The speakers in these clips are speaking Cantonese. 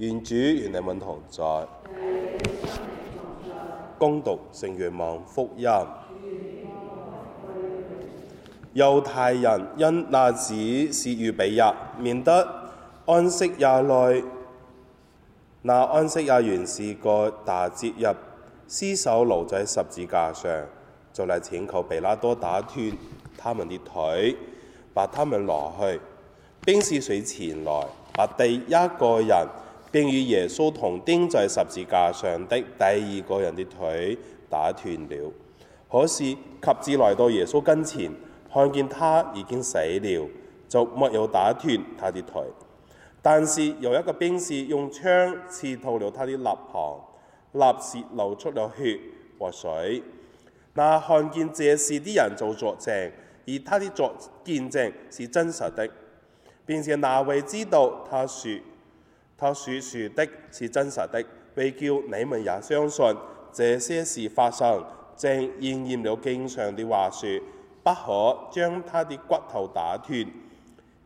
願主與你們同在，恭讀聖若望福音。猶太人因那日是預備日，免得安息日內，那安息日原是個大節日，屍首留在十字架上，就嚟請求比拉多打斷他們啲腿，把他們拿去。兵士遂前來，把第一個人。並與耶穌同釘在十字架上的第二個人的腿打斷了。可是及至來到耶穌跟前，看見他已經死了，就沒有打斷他的腿。但是有一個兵士用槍刺透了他的肋旁，立時流出了血和水。那看見這事的人做作證，而他的作見證是真實的。並且那位知道他說，他説。他説的是真實的，被叫你們也相信這些事發生，正應驗了經上的話説：不可將他的骨頭打斷。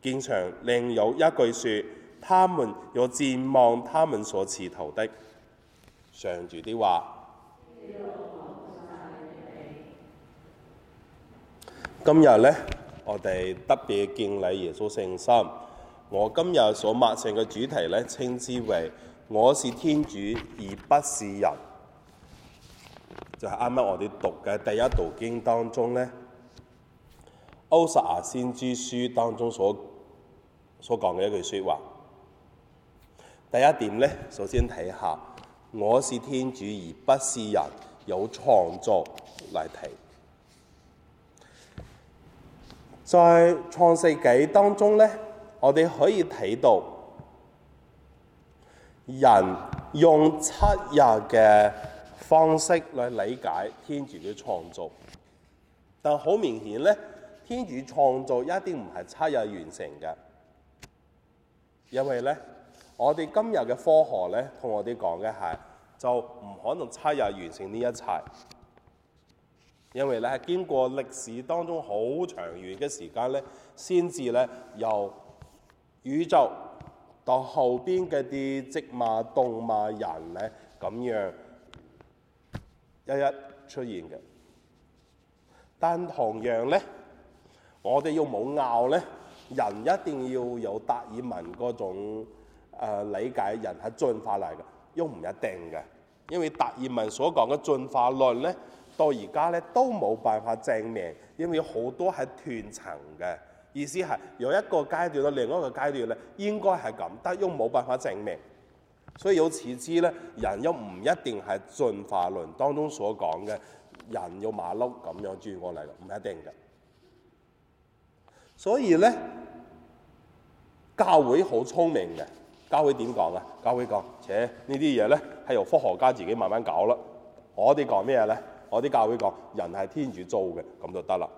經上另有一句説：他們有瞻望他們所刺透的，上主的話。今日呢，我哋特別敬禮耶穌聖心。我今日所擘成嘅主題咧，稱之為我是天主而不是人，就係啱啱我哋讀嘅第一道經當中咧，《歐瑟亞先知書》當中所所講嘅一句說話。第一點咧，首先睇下，我是天主而不是人，由創造嚟睇。在、就是、創世紀當中咧。我哋可以睇到人用七日嘅方式去理解天主嘅創造，但好明顯咧，天主創造一定唔係七日完成嘅，因為咧，我哋今日嘅科學咧同我哋講嘅係，就唔可能七日完成呢一切，因為咧經過歷史當中好長遠嘅時間咧，先至咧又，由宇宙到後邊嗰啲植物、動物、人咧，咁樣一一出現嘅。但同樣咧，我哋要冇拗咧，人一定要有達爾文嗰種、呃、理解，人係進化嚟嘅，又唔一定嘅，因為達爾文所講嘅進化論咧，到而家咧都冇辦法證明，因為好多係斷層嘅。意思係由一個階段到另一個階段咧，應該係咁，但又冇辦法證明。所以有此之咧，人又唔一定係進化論當中所講嘅人要馬騮咁樣轉過嚟，唔一定嘅。所以咧，教會好聰明嘅，教會點講啊？教會講，且呢啲嘢咧係由科學家自己慢慢搞咯。我哋講咩咧？我哋教會講人係天主造嘅，咁就得啦。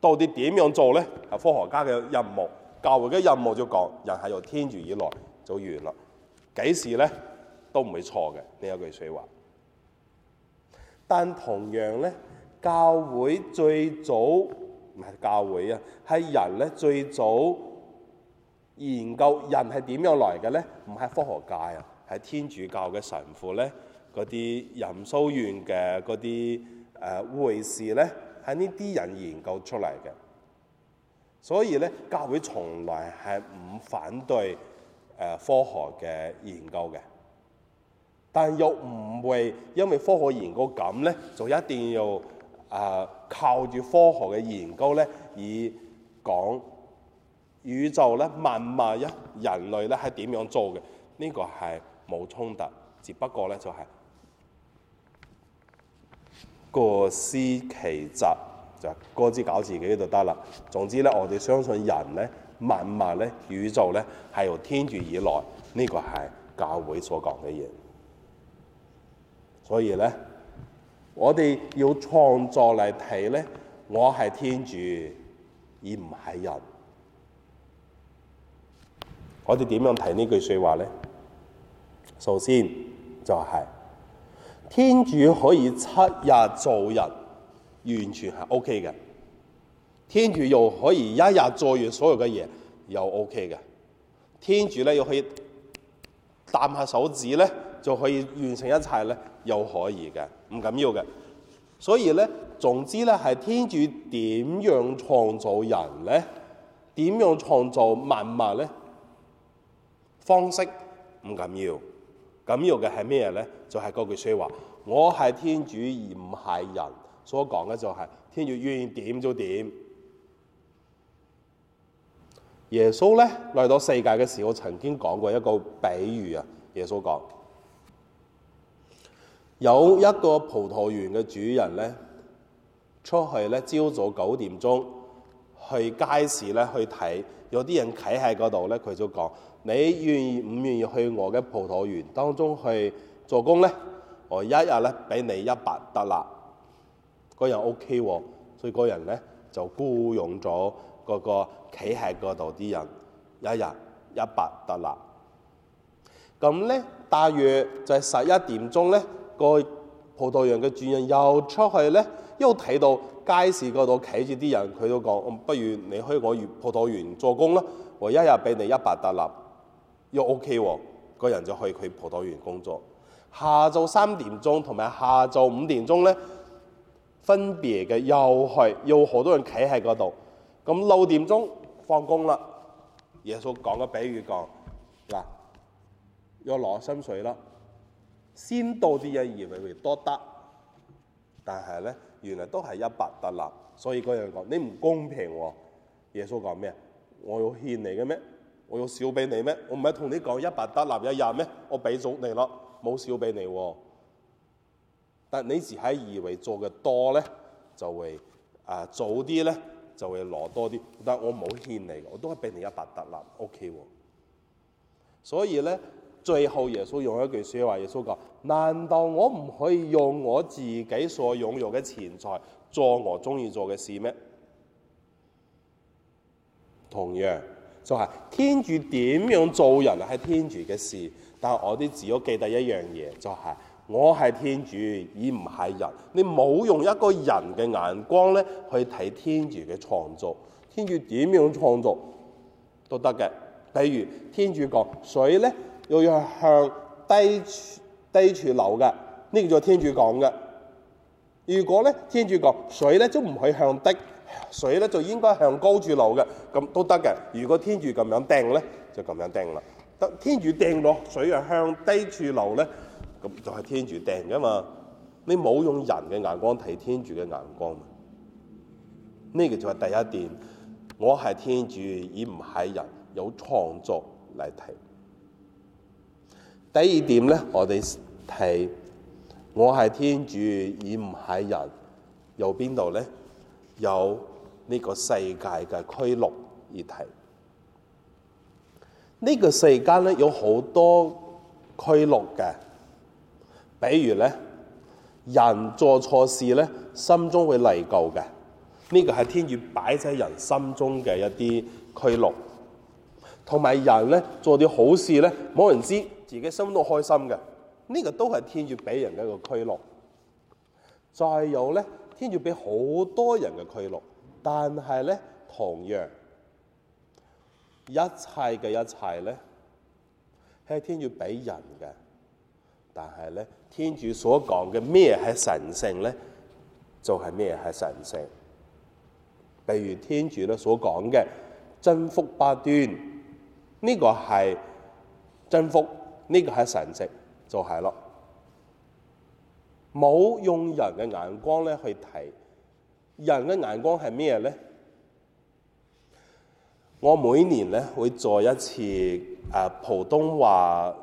到底點樣做咧？係科學家嘅任務，教會嘅任務就講人係由天主以來就完啦。幾時咧都唔會錯嘅呢一句説話。但同樣咧，教會最早唔係教會啊，係人咧最早研究人係點樣來嘅咧？唔係科學界啊，係天主教嘅神父咧，嗰啲仁修院嘅嗰啲誒會士咧。喺呢啲人研究出嚟嘅。所以咧，教會從來係唔反對誒科學嘅研究嘅，但又唔會因為科學研究咁咧，就一定要誒靠住科學嘅研究咧，而講宇宙咧、萬物一、人類咧係點樣做嘅？呢個係冇衝突，只不過咧就係、是。各司其職，就各自搞自己就得啦。總之咧，我哋相信人咧、萬物咧、宇宙咧，係由天主以來，呢、這個係教會所講嘅嘢。所以咧，我哋要創造嚟睇咧，我係天主，而唔係人。我哋點樣睇呢句説話咧？首先就係、是。天主可以七日做人，完全係 OK 嘅。天主又可以一日做完所有嘅嘢，又 OK 嘅。天主咧又可以彈下手指咧，就可以完成一切咧，又可以嘅，唔緊要嘅。所以咧，總之咧，係天主點樣創造人咧？點樣創造萬物咧？方式唔緊要。咁要嘅係咩嘢咧？就係、是、嗰句說話，我係天主而唔係人。所講嘅就係天主願意點就點。耶穌咧來到世界嘅時候，候我曾經講過一個比喻啊。耶穌講，有一個葡萄園嘅主人咧，出去咧朝早九點鐘去街市咧去睇。有啲人企喺嗰度咧，佢就講：你願意唔願意去我嘅葡萄園當中去做工咧？我一日咧俾你一百得啦，嗰人 O K 喎，所以嗰人咧就僱用咗嗰個企喺嗰度啲人，一日一百得啦。咁咧，大約就係十一點鐘咧，個葡萄園嘅主人又出去咧，又睇到。街市嗰度企住啲人，佢都講：不如你去我嗰葡萄園做工啦，我一日俾你一百德納，又 OK 喎、啊。嗰人就去佢葡萄園工作。下晝三點鐘同埋下晝五點鐘咧，分別嘅又係要好多人企喺嗰度。咁六點鐘放工啦，耶穌講嘅比喻講嗱，要攞薪水咯。先到啲人以為會多得，但係咧。原嚟都係一百德納，所以嗰人講，你唔公平喎、啊。耶穌講咩？我有欠你嘅咩？我有少俾你咩？我唔係同你講一百德納一日咩？我俾咗你咯，冇少俾你、啊。但你自喺以為做嘅多咧，就會啊早啲咧就會攞多啲。但係我冇欠你，我都係俾你一百德納，OK 喎、啊。所以咧。最後，耶穌用一句説話，耶穌講：難道我唔可以用我自己所擁有嘅錢財做我中意做嘅事咩？同樣就係、是、天主點樣做人係天主嘅事，但係我哋只要記得一樣嘢，就係、是、我係天主，而唔係人。你冇用一個人嘅眼光咧去睇天主嘅創造，天主點樣創造都得嘅。比如天主講水咧。又要向低低處流嘅，呢叫做天主講嘅。如果咧天主講水咧，都唔可以向低，水咧就應該向高處流嘅，咁都得嘅。如果天主咁樣定咧，就咁樣定啦。得天主定咗，水又向低處流咧，咁就係天主定嘅嘛。你冇用人嘅眼光睇天主嘅眼光嘛，呢、呢個就係第一點。我係天主，而唔係人，由創造嚟睇。第二點咧，我哋睇，我係天主，而唔係人，由邊度咧？由呢個世界嘅規律而睇呢、這個世間咧，有好多規律嘅，比如咧，人做錯事咧，心中會內疚嘅，呢、這個係天主擺喺人心中嘅一啲規律，同埋人咧做啲好事咧，冇人知。自己心都開心嘅，呢、這個都係天主俾人嘅一個規律。再有咧，天主俾好多人嘅規律，但係咧，同樣一切嘅一切咧，係天主俾人嘅。但係咧，天主所講嘅咩係神性咧，就係咩係神性。譬如天主咧所講嘅真福八端，呢、這個係真福。呢個係神跡，就係、是、咯，冇用人嘅眼光咧去睇，人嘅眼光係咩咧？我每年咧會做一次誒普通話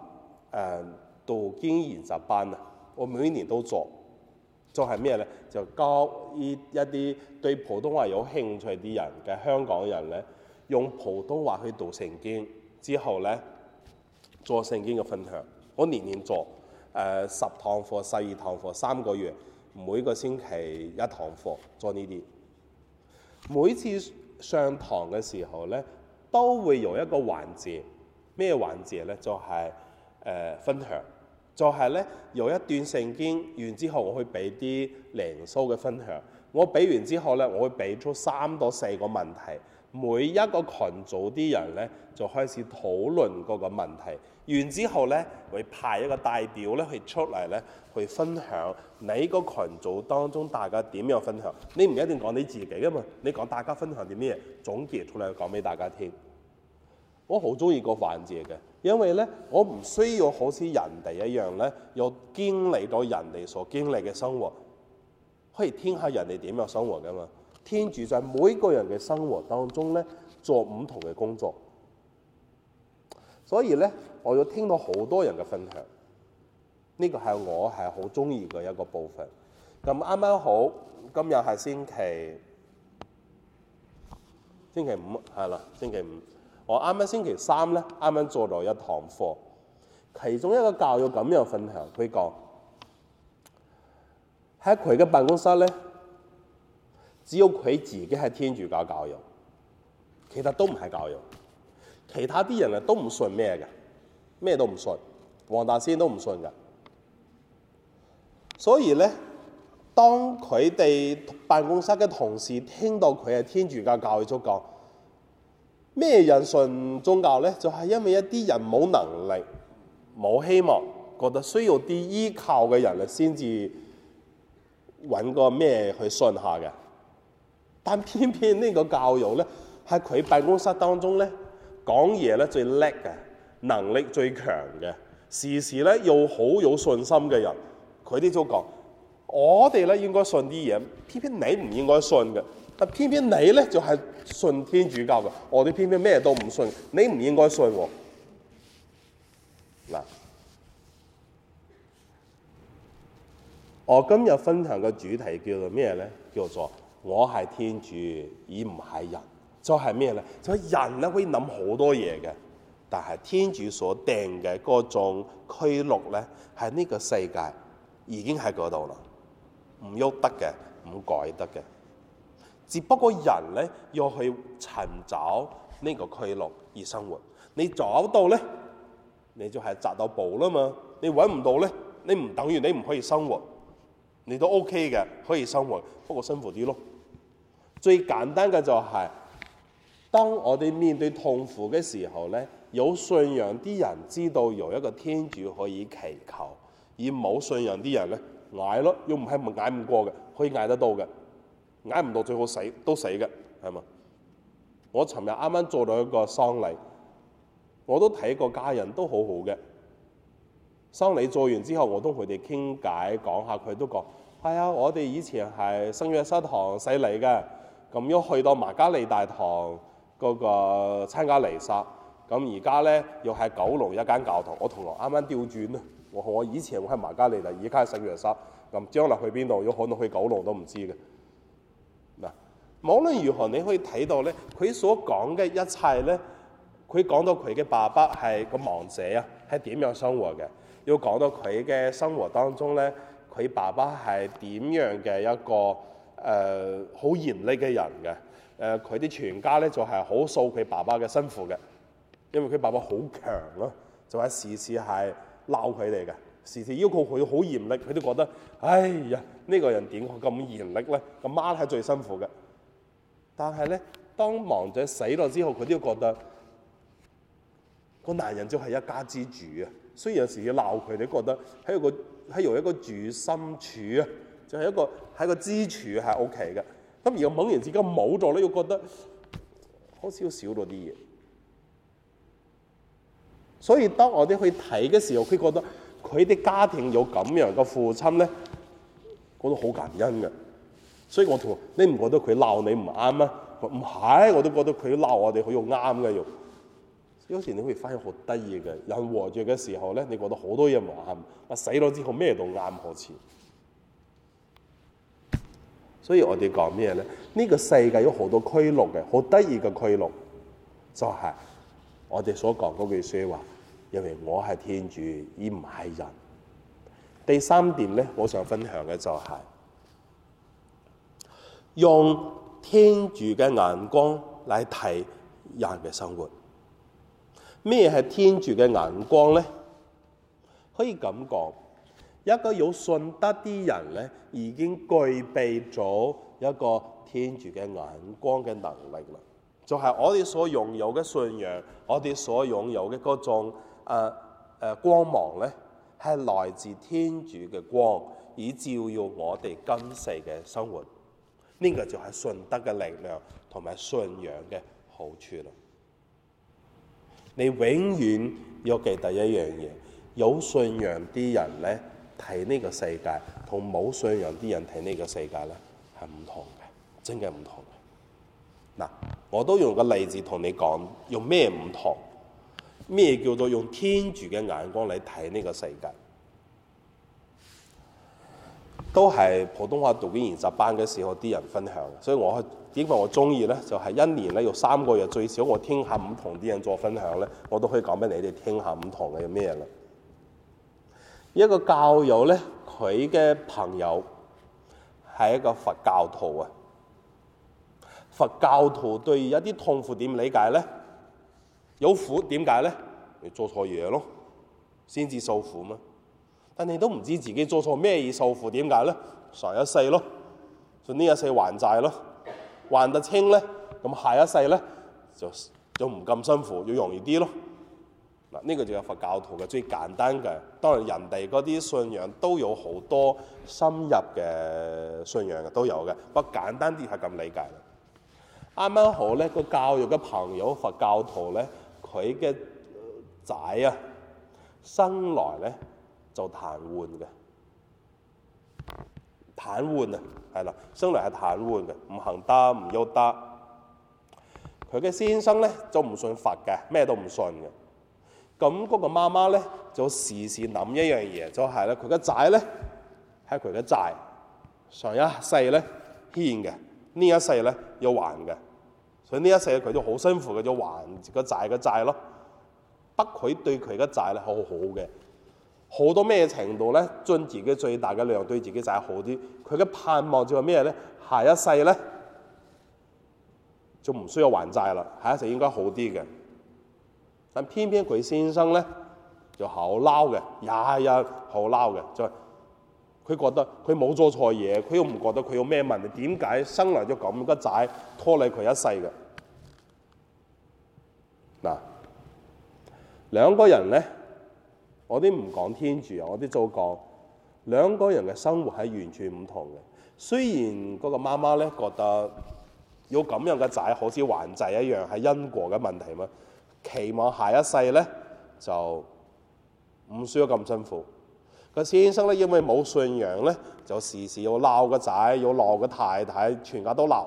誒讀、啊、經研習班啊，我每年都做，做係咩咧？就教依一啲對普通話有興趣啲人嘅香港人咧，用普通話去讀聖經之後咧，做聖經嘅分享，我年年做，誒、呃、十堂課、十二堂課，三個月每個星期一堂課，做呢啲。每次上堂嘅時候呢，都會有一個環節，咩環節呢？就係、是、誒、呃、分享，就係、是、呢，由一段聖經，完之後我去俾啲靈修嘅分享。我俾完之後呢，我會俾出三到四個問題。每一個群組啲人咧，就開始討論嗰個問題，完之後咧，會派一個代表咧去出嚟咧去分享。你個群組當中大家點樣分享？你唔一定講你自己噶嘛，你講大家分享啲咩？總結出嚟講俾大家聽。我好中意個環節嘅，因為咧，我唔需要好似人哋一樣咧，要經歷到人哋所經歷嘅生活，可以聽下人哋點樣生活噶嘛。天主在每個人嘅生活當中呢，做唔同嘅工作。所以呢，我要聽到好多人嘅分享，呢個係我係好中意嘅一個部分。咁啱啱好，今日係星期星期五，係啦，星期五。我啱啱星期三呢，啱啱做咗一堂課，其中一個教友咁樣分享，佢講喺佢嘅辦公室呢，只有佢自己係天主教教育，其他都唔係教育。其他啲人啊都唔信咩嘅，咩都唔信。黃大仙都唔信噶。所以呢，當佢哋辦公室嘅同事聽到佢係天主教教育咗講，咩人信宗教呢？就係、是、因為一啲人冇能力、冇希望，覺得需要啲依靠嘅人啊，先至揾個咩去信下嘅。但偏偏呢個教育呢，喺佢辦公室當中呢，講嘢呢最叻嘅，能力最強嘅，時時呢又好有信心嘅人，佢哋都講，我哋呢應該信啲嘢，偏偏你唔應該信嘅，但偏偏你呢，就係、是、信天主教嘅，我哋偏偏咩都唔信，你唔應該信我。嗱，我今日分享嘅主題叫做咩呢？叫做我係天主，而唔係人。就係咩咧？就係人咧可以諗好多嘢嘅，但係天主所定嘅嗰種拘束咧，喺呢個世界已經喺嗰度啦，唔喐得嘅，唔改得嘅。只不過人咧要去尋找呢個拘束而生活。你找到咧，你就係執到寶啦嘛。你揾唔到咧，你唔等於你唔可以生活，你都 OK 嘅，可以生活，不過辛苦啲咯。最簡單嘅就係、是，當我哋面對痛苦嘅時候咧，有信仰啲人知道由一個天主可以祈求；而冇信仰啲人咧，捱咯，又唔係唔捱唔過嘅，可以捱得到嘅。捱唔到最好死，都死嘅，係嘛？我尋日啱啱做咗一個喪禮，我都睇過家人都很好好嘅。喪禮做完之後，我都同佢哋傾偈講下，佢都講係啊，我哋以前係聖約瑟堂洗禮嘅。咁要去到瑪加利大堂嗰、那個參加離曬，咁而家咧又喺九龍一間教堂。我同學啱啱調轉啦，我，我以前我喺瑪加利大，而家喺聖約瑟。咁將來去邊度？有可能去九龍都唔知嘅。嗱，無論如何，你可以睇到咧，佢所講嘅一切咧，佢講到佢嘅爸爸係個亡者啊，係點樣生活嘅？要講到佢嘅生活當中咧，佢爸爸係點樣嘅一個？誒好、呃、嚴厲嘅人嘅，誒佢啲全家咧就係好掃佢爸爸嘅辛苦嘅，因為佢爸爸好強咯，就係時時係鬧佢哋嘅，時時要求佢好嚴厲，佢都覺得哎呀呢、呢個人點可咁嚴厲咧？個媽係最辛苦嘅，但係咧當亡者死咗之後，佢都覺得個男人就係一家之主啊。雖然有時要鬧佢，你覺得喺個喺有一個主心柱啊。係一個喺個支柱係 O K 嘅，咁而我猛然之間冇咗咧，又覺得好似少咗啲嘢。所以當我哋去睇嘅時候，佢覺得佢啲家庭有咁樣嘅父親咧，覺得好感恩嘅。所以我同你唔覺得佢鬧你唔啱咩？唔係，我都覺得佢鬧我哋好啱嘅。有有時你可以發現好得意嘅，人活着嘅時候咧，你覺得好多嘢唔啱，啊死咗之後咩都啱好似。所以我哋講咩咧？呢個世界有好多規律嘅，好得意嘅規律，就係我哋所講嗰句説話，因為我係天主，而唔係人。第三點咧，我想分享嘅就係用天主嘅眼光嚟睇人嘅生活。咩係天主嘅眼光咧？可以咁講。一個有信德啲人咧，已經具備咗一個天主嘅眼光嘅能力啦。就係、是、我哋所擁有嘅信仰，我哋所擁有嘅嗰種誒、呃呃、光芒咧，係來自天主嘅光，以照耀我哋今世嘅生活。呢、這個就係信德嘅力量同埋信仰嘅好處啦。你永遠要記第一樣嘢，有信仰啲人咧。睇呢個世界同冇信仰啲人睇呢個世界咧係唔同嘅，真嘅唔同嘅。嗱，我都用個例子同你講，用咩唔同？咩叫做用天主嘅眼光嚟睇呢個世界？都係普通話讀啲研習班嘅時候啲人分享，所以我係因為我中意咧，就係、是、一年咧有三個月最少，我聽下唔同啲人做分享咧，我都可以講俾你哋聽下唔同嘅咩啦。一個教友咧，佢嘅朋友係一個佛教徒啊。佛教徒對一啲痛苦點理解咧？有苦點解咧？你做錯嘢咯，先至受苦嘛。但你都唔知自己做錯咩而受苦，點解咧？上一世咯，就呢一世還債咯。還得清咧，咁下一世咧就就唔咁辛苦，要容易啲咯。呢個就有佛教徒嘅最簡單嘅。當然人哋嗰啲信仰都有好多深入嘅信仰嘅都有嘅，不過簡單啲係咁理解。啱啱好咧，個教育嘅朋友佛教徒咧，佢嘅仔啊生來咧就癱瘓嘅癱瘓啊，係啦，生來係癱瘓嘅，唔行得唔喐得。佢嘅先生咧就唔信佛嘅，咩都唔信嘅。咁嗰個媽媽咧就時時諗一樣嘢，就係咧佢嘅仔咧係佢嘅債，上一世咧欠嘅，呢一世咧要還嘅，所以呢一世佢都好辛苦，佢就還個債嘅債咯，不佢對佢嘅債咧好好嘅，好到咩程度咧？盡自己最大嘅量對自己仔好啲。佢嘅盼望就係咩咧？下一世咧就唔需要還債啦，下一世應該好啲嘅。但偏偏佢先生咧就好嬲嘅，日日好嬲嘅，就係佢、就是、覺得佢冇做錯嘢，佢又唔覺得佢有咩問題，點解生嚟咗咁嘅仔拖累佢一世嘅？嗱，兩個人咧，我啲唔講天主，啊，我啲就講兩個人嘅生活係完全唔同嘅。雖然嗰個媽媽咧覺得有咁樣嘅仔好似還債一樣，係因果嘅問題嘛。期望下一世咧就唔需要咁辛苦。個先生咧因為冇信仰咧，就時時要鬧個仔，要鬧個太太，全家都鬧，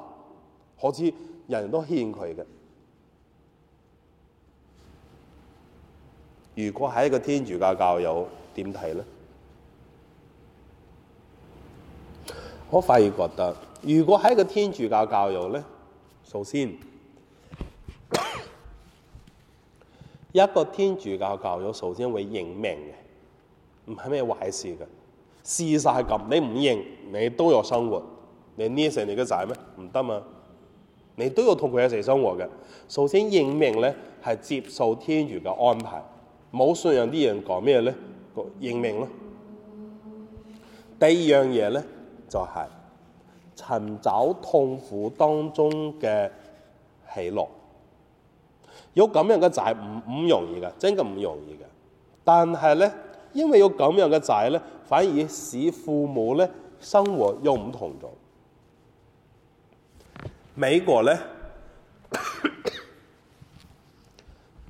好似人人都欠佢嘅。如果喺一個天主教教友點睇咧？我反而覺得，如果喺一個天主教教友咧，首先。一個天主教教友首先會認命嘅，唔係咩壞事嘅。事實係咁，你唔認你都有生活，你捏死你嘅仔咩？唔得嘛，你都要同佢一齊生活嘅。首先認命咧係接受天主嘅安排，冇信任啲人講咩咧？認命咯。第二樣嘢咧就係尋找痛苦當中嘅喜樂。有咁樣嘅仔唔唔容易嘅，真嘅唔容易嘅。但係咧，因為有咁樣嘅仔咧，反而使父母咧生活又唔同咗。美國咧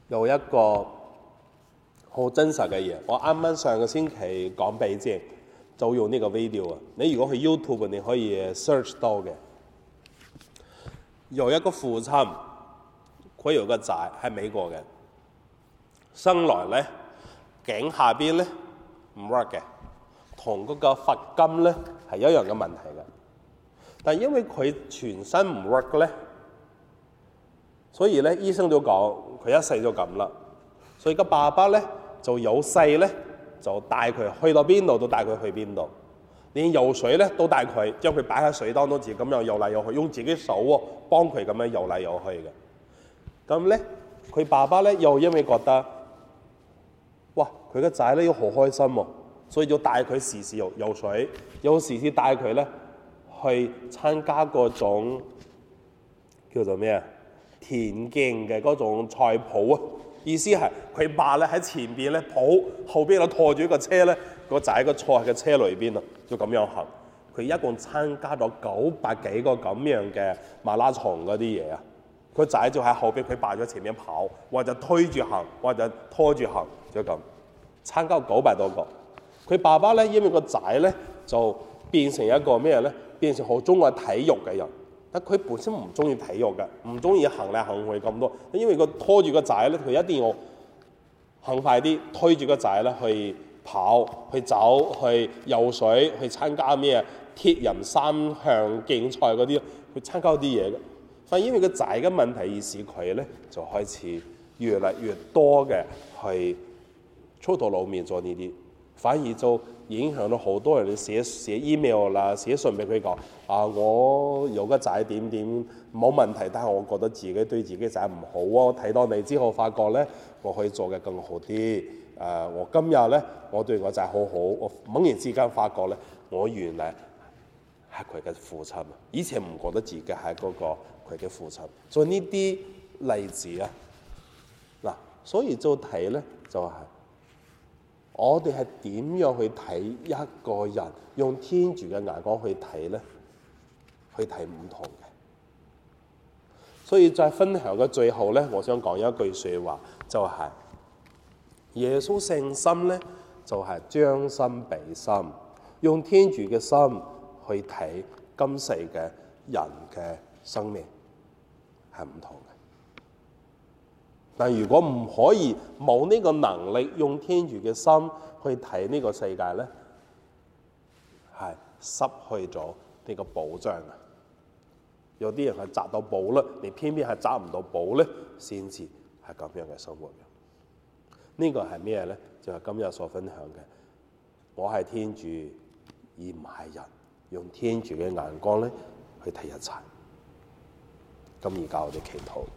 有一個好真實嘅嘢，我啱啱上個星期講俾你知，就用呢個 video 啊。你如果去 YouTube，你可以 search 到嘅。有一個父親。佢有個仔喺美國嘅，生來咧頸下邊咧唔 work 嘅，同嗰個罰金咧係一樣嘅問題嘅。但因為佢全身唔 work 咧，所以咧醫生都講佢一世就咁啦。所以個爸爸咧就有世咧，就帶佢去到邊度都帶佢去邊度。連游水咧都帶佢，將佢擺喺水當中自己，咁樣游嚟游去，用自己手喎幫佢咁樣游嚟游去嘅。咁咧，佢爸爸咧又因為覺得，哇，佢個仔咧要好開心喎，啊，所以要帶佢時時遊游水，有時先帶佢咧去參加嗰種叫做咩啊田徑嘅嗰種賽跑啊。意思係佢爸咧喺前面咧抱，後邊就拖住個個車咧，個仔個坐喺個車裏邊啊，就咁樣行。佢一共參加咗九百幾個咁樣嘅馬拉松嗰啲嘢啊。個仔就喺後邊，佢爸就喺前面跑，或者推住行，或者拖住行，就咁。參加九百多個。佢爸爸咧，因為個仔咧就變成一個咩咧？變成好中愛體育嘅人。但佢本身唔中意體育嘅，唔中意行嚟行去咁多。因為佢拖住個仔咧，佢一定要行快啲，推住個仔咧去跑、去走、去游水、去參加咩鐵人三項競賽嗰啲，去參加啲嘢。係因為個仔嘅問題而使佢咧就開始越嚟越多嘅去粗頭露面咗。呢啲，反而就影響到好多人去寫寫 email 啦、寫信俾佢講：啊，我有個仔點點冇問題，但係我覺得自己對自己仔唔好喎。睇到你之後發覺咧，我可以做嘅更好啲。誒、啊，我今日咧我對我仔好好，我猛然之間發覺咧，我原來係佢嘅父親啊！以前唔覺得自己係嗰、那個。佢嘅父親，所以呢啲例子啊，嗱，所以就睇咧就係，我哋係點樣去睇一個人，用天主嘅眼光去睇咧，去睇唔同嘅。所以在分享嘅最後咧，我想講一句說話，就係、是、耶穌聖心咧，就係將心比心，用天主嘅心去睇今世嘅人嘅生命。係唔同嘅，但如果唔可以冇呢個能力用天主嘅心去睇呢個世界咧，係失去咗呢個保障嘅。有啲人係摘到寶咧，你偏偏係摘唔到寶咧，先至係咁樣嘅生活嘅。這個、呢個係咩咧？就係、是、今日所分享嘅。我係天主，而唔係人，用天主嘅眼光咧去睇一切。咁而家我哋祈禱。